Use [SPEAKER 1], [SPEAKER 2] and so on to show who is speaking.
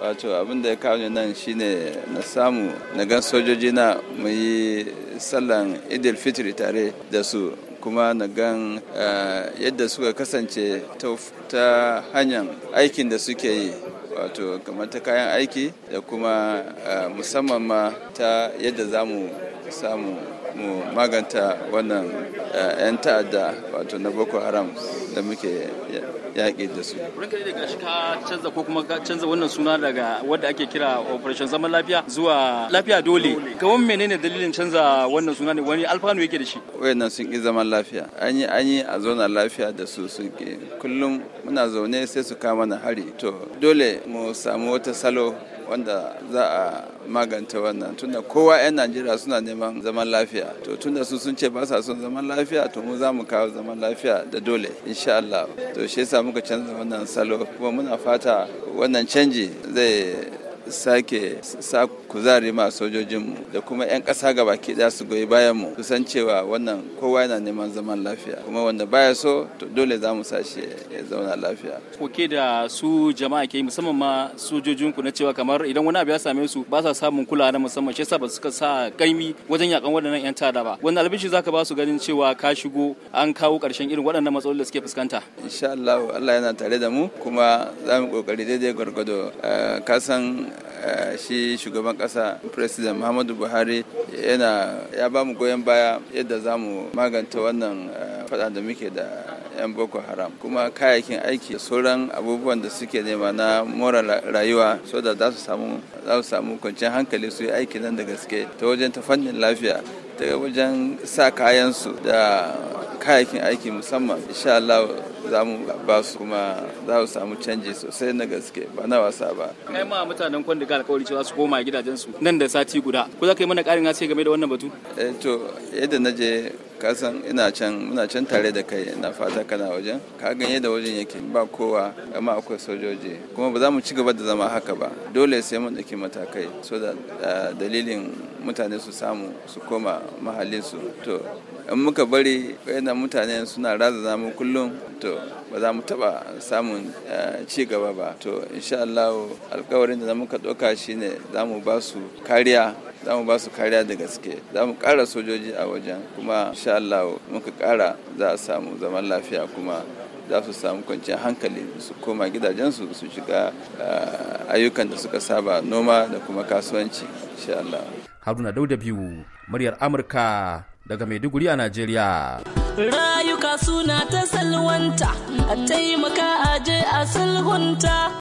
[SPEAKER 1] wato abin da ya kawo ni nan shine na samu na gan sojoji na mu yi sallan idil fitri tare da su kuma na gan eh, yadda suka kasance ta hanyar aikin da suke yi wato kamar ta kayan aiki da kuma eh, musamman ma ta yadda za mu samu mu maganta wannan 'yan ta'adda wato na boko haram da muke yaƙi da su. Ranka
[SPEAKER 2] da gashi ka canza ko kuma ka canza wannan suna daga wadda ake kira operation zaman lafiya zuwa
[SPEAKER 1] lafiya dole. Kawan menene dalilin canza wannan suna ne wani alfanu yake da shi? Wayannan sun ƙi zaman lafiya. An yi an yi a zauna lafiya da su sun ƙi. Kullum muna zaune sai su kama na hari. To dole mu samu wata salo wanda za a maganta wannan tunda kowa 'yan Najeriya suna neman zaman lafiya. To tunda su sun ce ba sa son zaman lafiya lafiya to mu za mu kawo zaman lafiya da dole insha Allah to shi yasa muka canza wannan salo kuma muna fata wannan canji zai sake sa kuzari ma sojojin mu da kuma 'yan ƙasa gaba ke da su goyi bayan mu san cewa wannan kowa yana neman zaman lafiya kuma wanda baya so to dole za mu sashi ya zauna lafiya.
[SPEAKER 2] Koke da su jama'a ke musamman ma sojojin ku na cewa kamar idan wani abu ya same su ba sa samun kulawa na musamman shi yasa ba suka sa kaimi wajen yakan waɗannan 'yan tada ba. wannan albishi zaka ba su ganin cewa ka shigo an kawo ƙarshen irin waɗannan matsalolin da suke
[SPEAKER 1] fuskanta. Insha Allah Allah yana tare da mu kuma za mu kokari daidai gwargwado eh, ka san shi shugaban kasa president muhammadu buhari yana ya ba mu goyon baya yadda za mu maganta wannan fada da muke da 'yan boko haram kuma kayayyakin aiki da sauran abubuwan da suke nema na mora rayuwa so da za su samu za su samu kwanciyar hankali su yi aiki nan da gaske ta wajen ta fannin lafiya ta wajen sa kayansu da kayayyakin aiki musamman insha Allah za mu ba su kuma za su samu canji sosai na gaske ba na wasa ba
[SPEAKER 2] kai ma mutanen ga alkawari cewa su koma gidajensu
[SPEAKER 1] nan da sati guda ku za ka yi mana
[SPEAKER 2] karin hasi game
[SPEAKER 1] da wannan batu eh to yadda na je kasan ina can muna can tare da kai ina fata kana wajen ka ganye da wajen yake ba kowa amma akwai sojoji kuma ba za mu ci gaba da zama haka ba dole sai mun ɗauki matakai so da dalilin mutane su samu su koma mahallinsu to in muka bari yana mutane suna raza zamu kullum to ba za mu taba samun eh, ci gaba ba to insha Allah alkawarin da muka ɗauka shine za mu ba su kariya za mu ba su kariya da gaske za mu ƙara sojoji a wajen kuma insha Allah muka ƙara za a samu zaman lafiya kuma za su samu kwanciyar hankali su koma gidajensu su shiga ah, ayyukan da suka saba noma da kuma kasuwanci insha Allah.
[SPEAKER 2] Haruna Dauda biyu muryar Amurka daga Maiduguri a Najeriya. Rayuka suna ta salwanta, a taimaka a je a sulhunta.